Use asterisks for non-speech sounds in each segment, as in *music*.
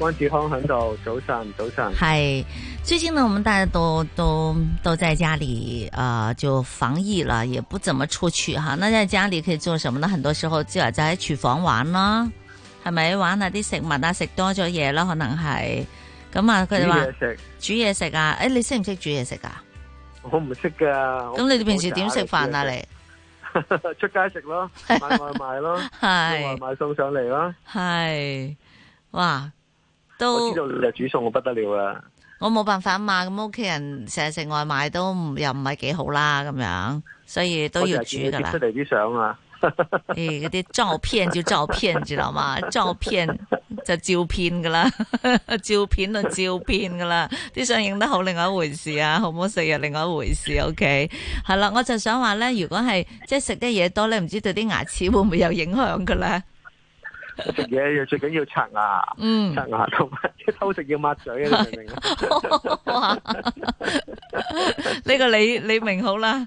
關智康喺度，早晨，早晨。係，最近呢，我們大家都都都在家裏，啊、呃，就防疫啦，也不怎麼出去哈、啊。那在家裏可以做什麼呢？很多時候就在喺廚房玩咯，係咪玩下、啊、啲食物啊？食多咗嘢啦，可能係。咁啊，佢哋話煮嘢食，煮嘢食啊！誒、欸，你識唔識煮嘢食噶、啊？我唔識噶。咁你哋平時點食飯啊？你出街食咯，買外賣咯，叫外賣送上嚟啦。係，哇！都知道你煮餸，我不得了啦！我冇辦法嘛，咁屋企人成日食外賣都唔又唔係幾好啦，咁樣所以都要煮噶啦。我出嚟啲相啊！誒嗰啲照片就照片，知道嘛？照片就照片噶啦， *laughs* 照片就照片噶啦。啲相影得好另外一回事啊，好唔好食又、啊、另外一回事。O K，係啦，我就想話咧，如果係即係食啲嘢多咧，唔知道對啲牙齒會唔會有影響噶咧？食嘢 *music* 要最緊要刷牙，嗯，刷牙同埋即偷食要抹嘴，你明唔明啊？呢、呢個你你明好啦。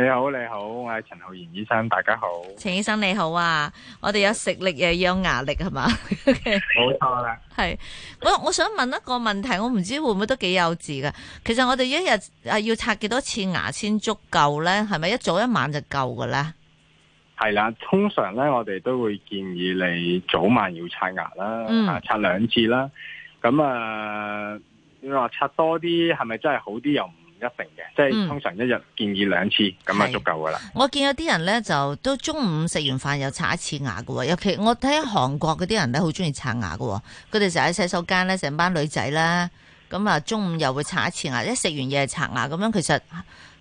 你好，你好，我係陳澔賢醫生，大家好。陳醫生你好啊，我哋有食力又有牙力係嘛？冇錯啦。係、okay. 啊，我我想問一個問題，我唔知道會唔會都幾幼稚噶？其實我哋一日啊要刷幾多次牙先足夠咧？係咪一早一晚就夠噶咧？係啦，通常咧我哋都會建議你早晚要刷牙啦，嗯、啊刷兩次啦。咁啊，你話刷多啲係咪真係好啲又唔？一定嘅，即係通常一日建議兩次咁啊，嗯、就足夠㗎喇。我見有啲人咧就都中午食完飯又刷一次牙㗎喎，尤其我睇韓國嗰啲人咧好中意刷牙㗎喎，佢哋就喺洗手間咧成班女仔啦，咁啊中午又會刷一次牙，一食完嘢刷牙咁樣其，其實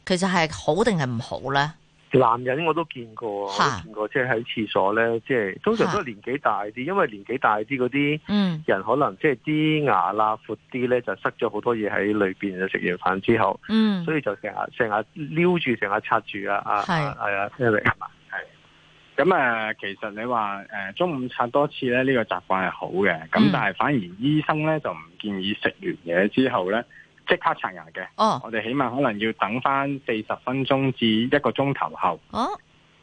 其實係好定係唔好咧？男人我都見過，我都見過，即係喺廁所咧，即係通常都係年紀大啲，因為年紀大啲嗰啲人可能即係啲牙啦闊啲咧，就塞咗好多嘢喺裏邊，就食完飯之後，所以就成日成日撩住，成日刷住啊！啊，係啊，係嘛啊，係。咁、嗯、啊，其實你話誒中午刷多次咧，呢個習慣係好嘅，咁、嗯、但係反而醫生咧就唔建議食完嘢之後咧。即刻刷牙嘅，oh. 我哋起碼可能要等翻四十分鐘至一個鐘頭後，oh.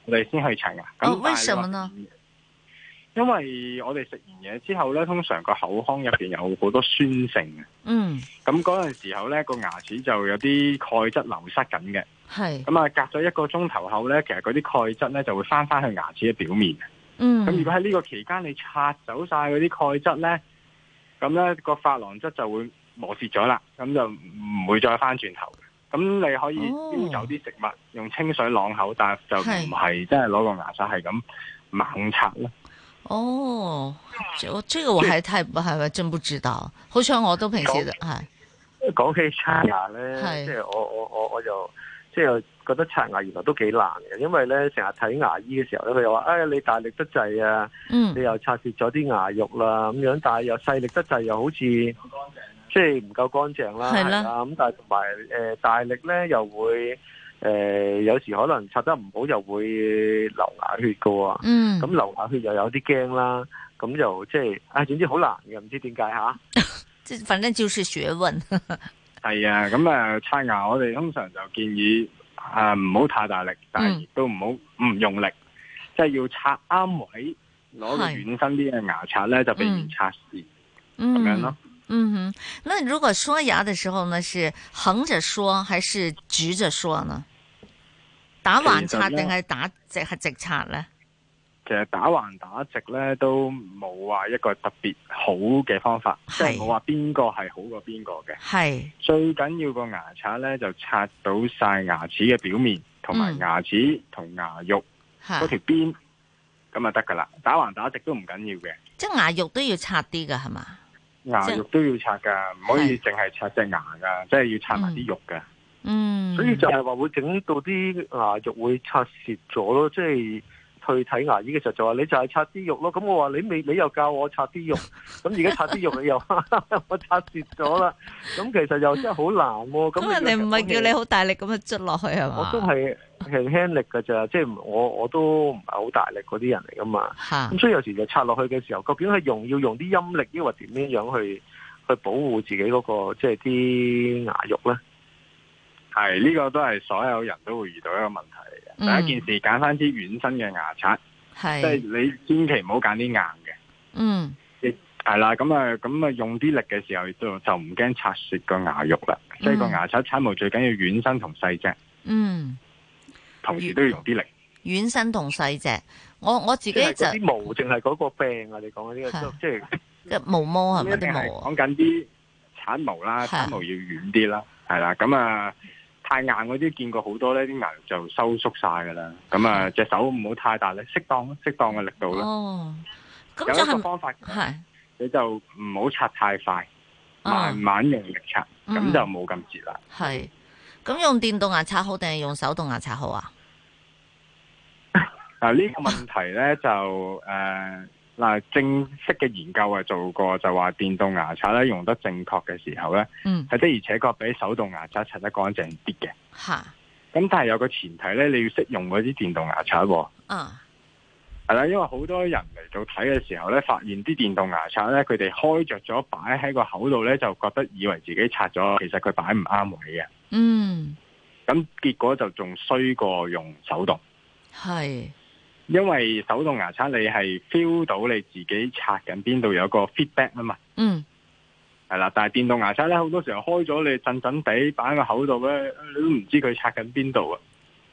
我哋先去刷牙。咁、oh. 為什麼呢？因為我哋食完嘢之後咧，通常個口腔入邊有好多酸性嘅。Mm. 嗯。咁嗰陣時候咧，個牙齒就有啲鈣質流失緊嘅。係。咁啊，隔咗一個鐘頭後咧，其實嗰啲鈣質咧就會翻翻去牙齒嘅表面。嗯。咁如果喺呢個期間你刷走晒嗰啲鈣質咧，咁、那、咧個珐琅質就會。磨蝕咗啦，咁就唔會再返轉頭嘅。咁你可以叼走啲食物、哦，用清水攔口，但就唔係真係攞個牙刷係咁猛刷。咯。哦，我、嗯、呢、這個我係太係咪、嗯、真不知道？好彩我都平時係講起刷牙咧，即係我我我我就即係覺得刷牙原來都幾難嘅，因為咧成日睇牙醫嘅時候咧，佢又話，唉、哎，你大力得滯啊！你又擦蝕咗啲牙肉啦，咁樣，但係又細力得滯，又好似。嗯即係唔夠乾淨啦，係啦咁，但係同埋誒大力咧又會誒、呃、有時可能擦得唔好又會流牙血噶、哦，咁、嗯、流牙血又有啲驚啦，咁就，即係啊、哎，總之好難嘅，唔知點解吓。即反正就是學問。係 *laughs* 啊，咁啊，刷牙我哋通常就建議啊唔好太大力，嗯、但係亦都唔好唔用力，即、就、係、是、要擦啱位，攞個軟身啲嘅牙刷咧就避免擦線咁樣咯。嗯哼，那如果刷牙的時候呢，是橫着刷，還是直着刷呢？打橫刷定係打直係直刷呢？其實打橫打直咧都冇話一個特別好嘅方法，即係冇話邊個係好過邊個嘅。係最緊要個牙刷咧就刷到晒牙齒嘅表面，同埋牙齒同牙肉嗰條邊，咁啊得噶啦！打橫打直都唔緊要嘅。即係牙肉都要刷啲噶係嘛？牙肉都要刷噶，唔可以淨係刷隻牙噶，即係要刷埋啲肉噶。嗯，所以就係話會整到啲牙肉會刷蝕咗咯，即係。去睇牙醫嘅時候就話，你就係擦啲肉咯。咁我話你未，你又教我擦啲肉。咁而家擦啲肉，你又 *laughs* *laughs* 我擦蝕咗啦。咁其實又真係好難喎、哦。咁人哋唔係叫你好大力咁啊捽落去係嘛？我都係輕輕力㗎咋，即係我我都唔係好大力嗰啲人嚟噶嘛。咁 *laughs* 所以有時就拆落去嘅時候，究竟係用要用啲陰力，抑或點樣樣去去保護自己嗰、那個即係啲牙肉咧？係呢、這個都係所有人都會遇到一個問題。嗯、第一件事揀翻啲軟身嘅牙刷，即係、就是、你千祈唔好揀啲硬嘅。嗯，亦係啦，咁啊，咁啊，用啲力嘅時候，就就唔驚擦雪個牙肉啦。即、嗯、係個牙刷刷毛最緊要軟身同細隻。嗯，同時都要用啲力，軟身同細隻。我我自己就啲、就是、毛淨係嗰個病啊，你講緊呢個即係毛毛係咪？講緊啲刷毛啦，刷毛要軟啲啦，係啦，咁啊。太硬嗰啲見過好多呢啲牙就收縮晒噶啦。咁啊，隻手唔好太大力，適當適當嘅力度咯。哦，咁、就是、有一個方法係，你就唔好刷太快，哦、慢慢用力刷，咁、嗯、就冇咁折啦。係，咁用電動牙刷好定係用手動牙刷好啊？嗱，呢個問題呢 *laughs* 就誒。呃嗱，正式嘅研究啊，做過就話電動牙刷咧用得正確嘅時候咧，係、嗯、的而且確比手動牙刷刷得乾淨啲嘅。吓，咁但係有個前提咧，你要識用嗰啲電動牙刷。嗯、啊，係啦，因為好多人嚟到睇嘅時候咧，發現啲電動牙刷咧，佢哋開着咗擺喺個口度咧，就覺得以為自己刷咗，其實佢擺唔啱位嘅。嗯，咁結果就仲衰過用手動。係。因為手動牙刷你係 feel 到你自己擦緊邊度有個 feedback 啊嘛，嗯，係啦，但係電動牙刷咧，好多時候開咗你震震地擺喺個口度咧，你都唔知佢擦緊邊度啊，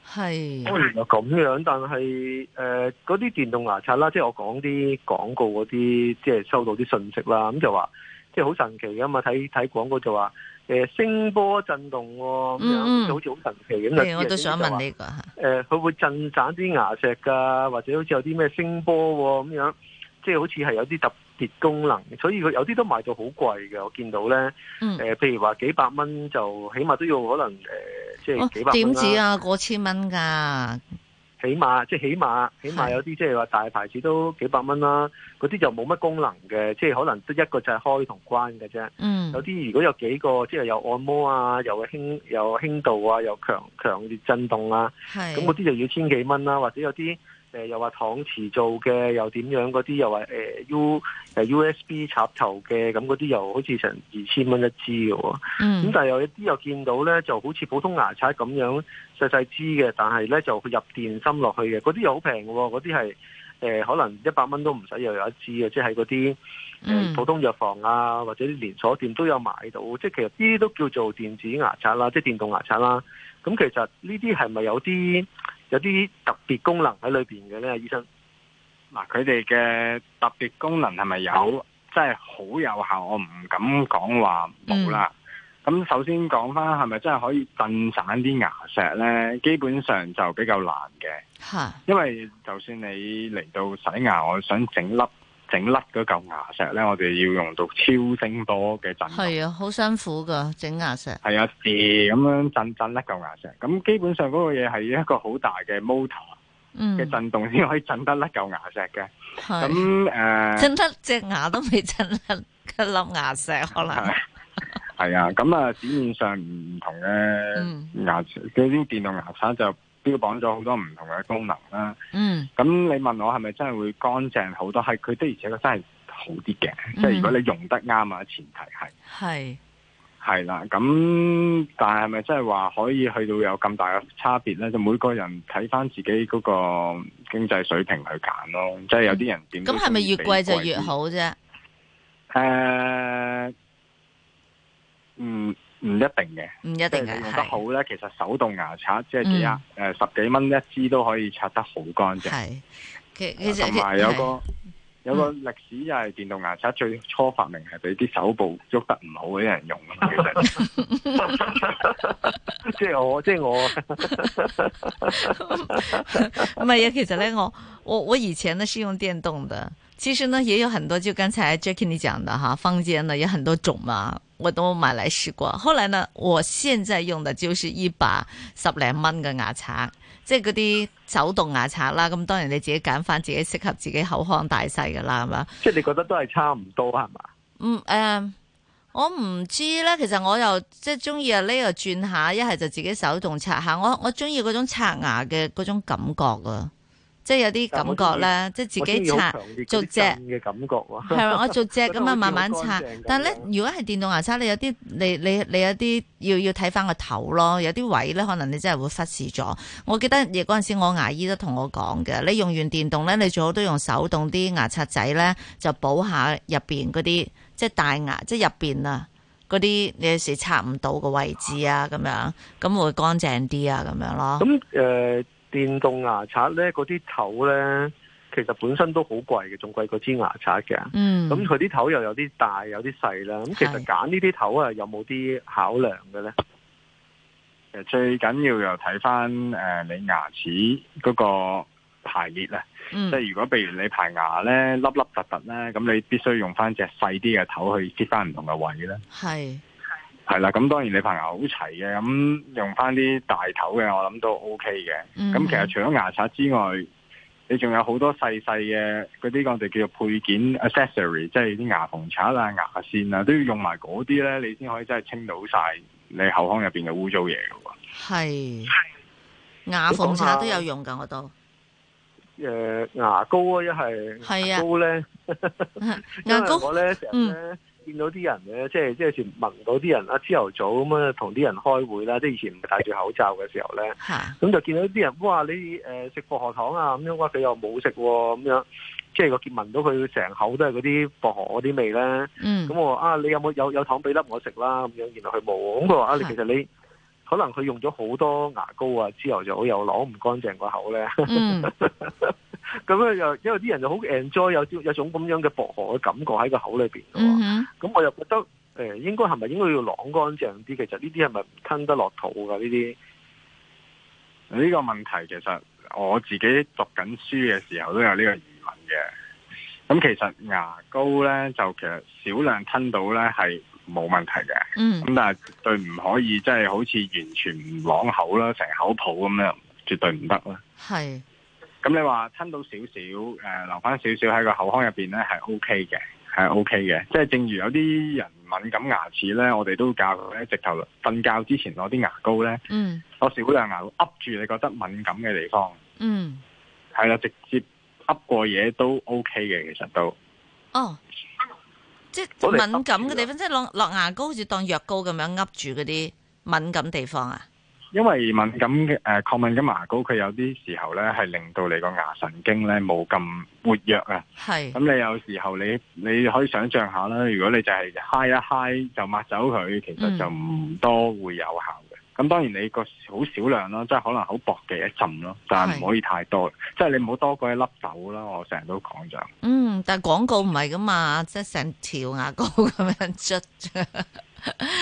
係，原來咁樣，但係誒嗰啲電動牙刷啦，即係我講啲廣告嗰啲，即係收到啲信息啦，咁就話即係好神奇噶嘛，睇睇廣告就話。誒、聲波震動咁、哦、樣，嗯、就好似好神奇咁啊、嗯嗯！我都想問呢、這個，誒、呃，佢會震散啲牙石㗎，或者好似有啲咩聲波咁、哦、樣，即、就、係、是、好似係有啲特別功能。所以佢有啲都賣到好貴嘅，我見到咧，誒、嗯呃，譬如話幾百蚊就起碼都要可能即係、呃就是、幾百蚊點止啊，啊？過千蚊㗎？起碼即係起碼起碼有啲即係話大牌子都幾百蚊啦，嗰啲就冇乜功能嘅，即係可能得一個就係開同關嘅啫。嗯，有啲如果有幾個即係有按摩啊，又輕又輕度啊，又強強烈震動啊，咁嗰啲就要千幾蚊啦，或者有啲。誒，又話搪瓷做嘅，又點樣嗰啲？又、呃、話誒 US、呃、USB 插頭嘅，咁嗰啲又好似成二千蚊一支嘅。咁、mm. 但係有一啲又見到呢，就好似普通牙刷咁樣細細支嘅，但係呢就入電芯落去嘅。嗰啲又好平喎，嗰啲係誒可能一百蚊都唔使又有一支嘅，即係嗰啲普通藥房啊或者啲連鎖店都有買到。Mm. 即係其實啲都叫做電子牙刷啦，即係電動牙刷啦。咁其實呢啲係咪有啲？有啲特別功能喺裏邊嘅咧，醫生，嗱，佢哋嘅特別功能係咪有？即係真係好有效，我唔敢講話冇啦。咁、嗯、首先講翻，係咪真係可以震散啲牙石咧？基本上就比較難嘅，因為就算你嚟到洗牙，我想整粒。整甩嗰嚿牙石咧，我哋要用到超聲波嘅震動。係啊，好辛苦㗎整牙石。係啊，係咁樣震震甩嚿牙石。咁基本上嗰個嘢係一個好大嘅 motor 嘅震動先可以震得甩嚿牙石嘅。咁誒，震得隻牙都未震甩一粒牙石可能。係啊，咁啊，表面上唔同嘅牙，嗰啲電動牙刷就，標榜咗好多唔同嘅功能啦，咁、嗯、你問我係咪真係會乾淨好多？係佢的而且確真係好啲嘅，嗯，即係如果你用得啱啊，前提係係係啦，咁但係係咪真係話可以去到有咁大嘅差別咧？就每個人睇翻自己嗰個經濟水平去揀咯，即係有啲人點咁係咪越貴就越好啫？誒、呃、嗯。唔一定嘅，即係你用得好咧，其實手動牙刷即係啊，誒十幾蚊一支都可以刷得好乾淨。係，其其實同埋有,有個有個歷史就係電動牙刷最初發明係俾啲手部喐得唔好嗰啲人用 *laughs* 㗎嘛，即係我即係我。係 *laughs* 啊 *laughs* 是我， *laughs* *laughs* *laughs* 其實咧我我我以前咧是用電動的。其實呢，也有很多就剛才 Jackie 你講的哈，坊間呢有很多種嘛，我都買來試過。後來呢，我現在用的就是一把十零蚊嘅牙刷，即係嗰啲手動牙刷啦。咁當然你自己揀翻自己適合自己口腔大細噶啦，係嘛？即係你覺得都係差唔多係嘛？嗯誒、呃，我唔知咧。其實我又即係中意啊呢個轉一下一係就自己手動刷下。我我中意嗰種刷牙嘅嗰種感覺啊。即係有啲感覺啦，即係自己擦，做只嘅感覺係嘛？我做只咁啊，慢慢擦。但係咧，如果係電動牙刷，你有啲你你你，你有啲要要睇翻個頭咯，有啲位咧可能你真係會忽視咗。我記得嘢嗰陣時，我牙醫都同我講嘅，你用完電動咧，你最好都用手動啲牙刷仔咧，就補下入邊嗰啲即係大牙，即係入邊啊嗰啲你有時擦唔到個位置啊，咁樣咁會乾淨啲啊，咁樣咯。咁誒。呃電動牙刷咧，嗰啲頭咧，其實本身都好貴嘅，仲貴過支牙刷嘅。嗯。咁佢啲頭又有啲大，有啲細啦。咁其實揀呢啲頭啊，有冇啲考量嘅咧？誒，最緊要又睇翻誒你牙齒嗰個排列啦。嗯。即係如果譬如你排牙咧粒粒凸凸咧，咁你必須用翻隻細啲嘅頭去接翻唔同嘅位啦。係。係啦，咁當然你排牙好齊嘅，咁用翻啲大頭嘅，我諗都 OK 嘅。咁、嗯、其實除咗牙刷之外，你仲有好多細細嘅嗰啲我哋叫做配件 accessory，即係啲牙縫刷啦、牙線啦，都要用埋嗰啲咧，你先可以真係清到晒你口腔入邊嘅污糟嘢嘅喎。係，牙縫刷都有用噶，我都。誒、呃、牙膏啊一係牙膏咧，啊、 *laughs* 因為我咧成日咧見到啲人咧、嗯，即係即係聞到啲人啊，朝頭早咁啊，同啲人開會啦，即係以前唔係戴住口罩嘅時候咧，咁、啊、就見到啲人哇，你誒食、呃、薄荷糖啊咁樣，哇佢又冇食咁樣，即係我鼻聞到佢成口都係嗰啲薄荷嗰啲味咧，咁、嗯、我啊你有冇有有，有糖俾粒我食啦咁樣，原來佢冇，咁佢話啊你其實你。可能佢用咗好多牙膏啊，之後就好又攞唔乾淨個口咧。咁咧又因為啲人就好 enjoy 有有種咁樣嘅薄荷嘅感覺喺個口裏邊。咁、嗯、我又覺得誒、欸，應該係咪應該要攞乾淨啲？其實呢啲係咪唔吞得落肚㗎？呢啲呢個問題其實我自己讀緊書嘅時候都有呢個疑問嘅。咁其實牙膏咧就其實少量吞到咧係，是冇問題嘅，咁、嗯、但係絕對唔可以，即、就、係、是、好似完全唔往口啦，成、嗯、口抱咁樣，絕對唔得啦。係，咁、嗯、你話吞到少少，誒、呃，留翻少少喺個口腔入邊咧，係 O K 嘅，係 O K 嘅。即係正如有啲人敏感牙齒咧，我哋都教咧，直頭瞓覺之前攞啲牙膏咧，攞、嗯、少量牙膏揼住你覺得敏感嘅地方。嗯，係啦，直接揼過嘢都 O K 嘅，其實都。哦。即係敏感嘅地方，即係落落牙膏，好似當藥膏咁樣噏住嗰啲敏感地方啊。因為敏感嘅誒抗敏嘅牙膏，佢有啲時候咧係令到你個牙神經咧冇咁活躍啊。係。咁你有時候你你可以想象下啦，如果你就係揩一揩就抹走佢，其實就唔多會有效。咁當然你個好少量咯，即係可能好薄嘅一浸咯，但係唔可以太多，即係你唔好多過一粒豆啦。我成日都講咗。嗯，但係廣告唔係㗎嘛，即係成條牙膏咁樣捽。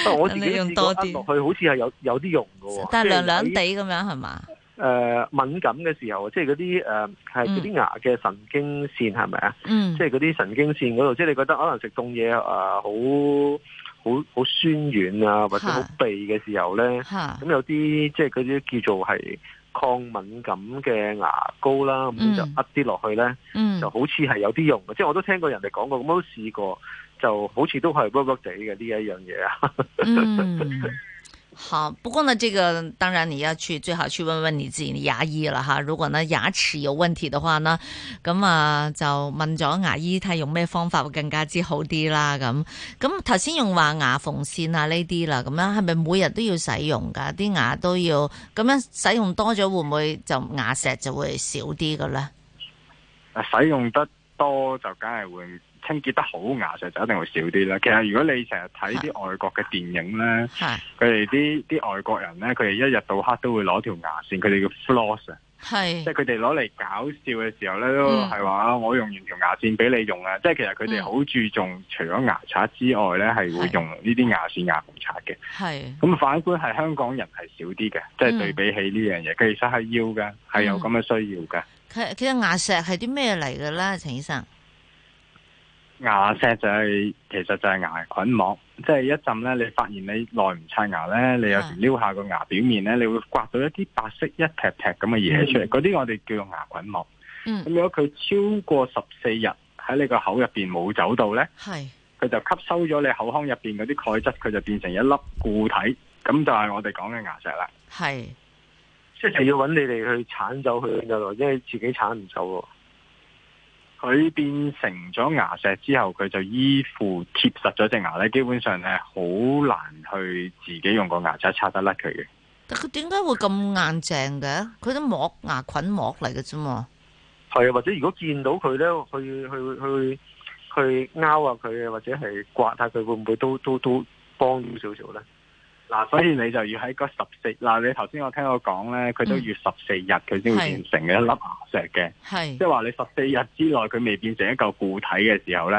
不過我自己用多啲，落、嗯、去、嗯，好似係有有啲用㗎喎。但係涼涼地咁樣係嘛？誒、呃，敏感嘅時候，即係嗰啲誒係啲牙嘅神經線係咪啊？即係嗰啲神經線嗰度，即係你覺得可能食凍嘢啊好。呃好好酸軟啊，或者好痹嘅時候咧，咁有啲即係嗰啲叫做係抗敏感嘅牙膏啦，咁、嗯、就呃啲落去咧，就好似係有啲用嘅、嗯。即係我都聽過人哋講過，咁我都試過，就好似都係 work work 哋嘅呢一樣嘢啊。 *laughs* 嗯好，不過呢，這個當然你要去最好去問問你自己的牙醫啦，吓！如果呢牙齒有問題的話呢，咁啊就問咗牙醫睇用咩方法會更加之好啲啦。咁咁頭先用話牙縫線啊呢啲啦，咁樣係咪每日都要使用噶？啲牙都要咁樣使用多咗會唔會就牙石就會少啲嘅呢？使用得多就梗係會。清潔得好，牙石就一定會少啲啦。其實如果你成日睇啲外國嘅電影咧，佢哋啲啲外國人咧，佢哋一日到黑都會攞條牙線，佢哋叫 floss 啊，即係佢哋攞嚟搞笑嘅時候咧，都係話我用完條牙線俾你用啊，嗯。即係其實佢哋好注重除咗牙刷之外咧，係會用呢啲牙線牙縫刷嘅。係咁反觀係香港人係少啲嘅，即係對比起呢樣嘢，佢其實係要嘅，係有咁嘅需要嘅，嗯。其實牙石係啲咩嚟嘅咧，陳醫生？牙石就係、是，其實就係牙菌膜，即、就、係、是、一浸咧，你發現你耐唔刷牙咧，你有時撩下個牙表面咧，你會刮到一啲白色一撇撇咁嘅嘢出嚟，嗰、嗯、啲我哋叫做牙菌膜。咁、嗯、如果佢超過十四日喺你個口入邊冇走到咧，係，佢就吸收咗你口腔入邊嗰啲鈣質，佢就變成一粒固體，咁就係我哋講嘅牙石啦。係，即、就、係、是、要搵你哋去鏟走佢，因為自己鏟唔走喎。佢變成咗牙石之後，佢就依附貼實咗隻牙咧，基本上係好難去自己用個牙刷刷得甩佢嘅。但佢點解會咁硬淨嘅？佢都膜牙菌膜嚟嘅啫嘛。係啊，或者如果見到佢咧，去去去去撓下佢，或者係刮下佢，會唔會都都都幫少少咧？嗱、啊，所以你就要喺個十四嗱，你頭先我聽我講咧，佢都要十四日佢先會變成嘅一粒牙石嘅，即係話你十四日之內佢未變成一個固體嘅時候咧，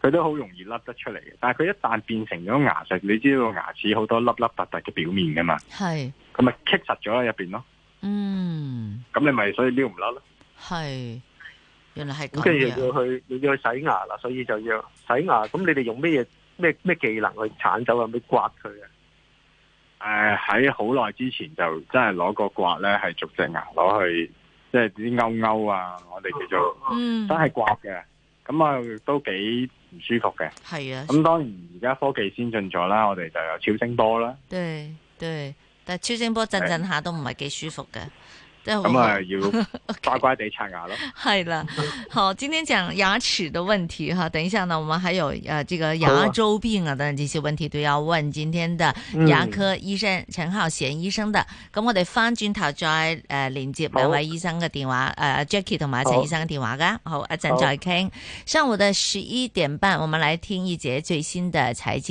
佢都好容易甩得出嚟嘅。但係佢一旦變成咗牙石，你知道牙齒好多粒粒凸凸嘅表面噶嘛，咁咪棘實咗喺入邊咯。嗯，咁你咪所以撩唔甩咯。係，原來係咁。跟住就要去要去洗牙啦，所以就要洗牙。咁你哋用咩嘢咩咩技能去鏟走，有冇刮佢啊？誒、呃，喺好耐之前就真係攞個刮咧，係逐隻牙攞去，即係啲勾勾啊！我哋叫做，真、嗯、係刮嘅，咁啊都幾唔舒服嘅。係啊，咁當然而家科技先進咗啦，我哋就有超聲波啦。對對，但係超聲波震震下都唔係幾舒服嘅。咁啊，要乖乖哋刷牙咯。係 *laughs* 啦， *laughs* 好，今天講牙齒的問題哈。等一下呢，我們還有誒，這個牙周病啊等、等、這些問題都要問今天的牙科醫生、嗯、陳澔賢醫生的。咁我哋翻轉頭再誒連接兩位醫生嘅電話，誒、呃、Jackie 同埋陳醫生嘅電話噶。好，一陣再傾。上午的十一點半，我們來聽一節最新的財經。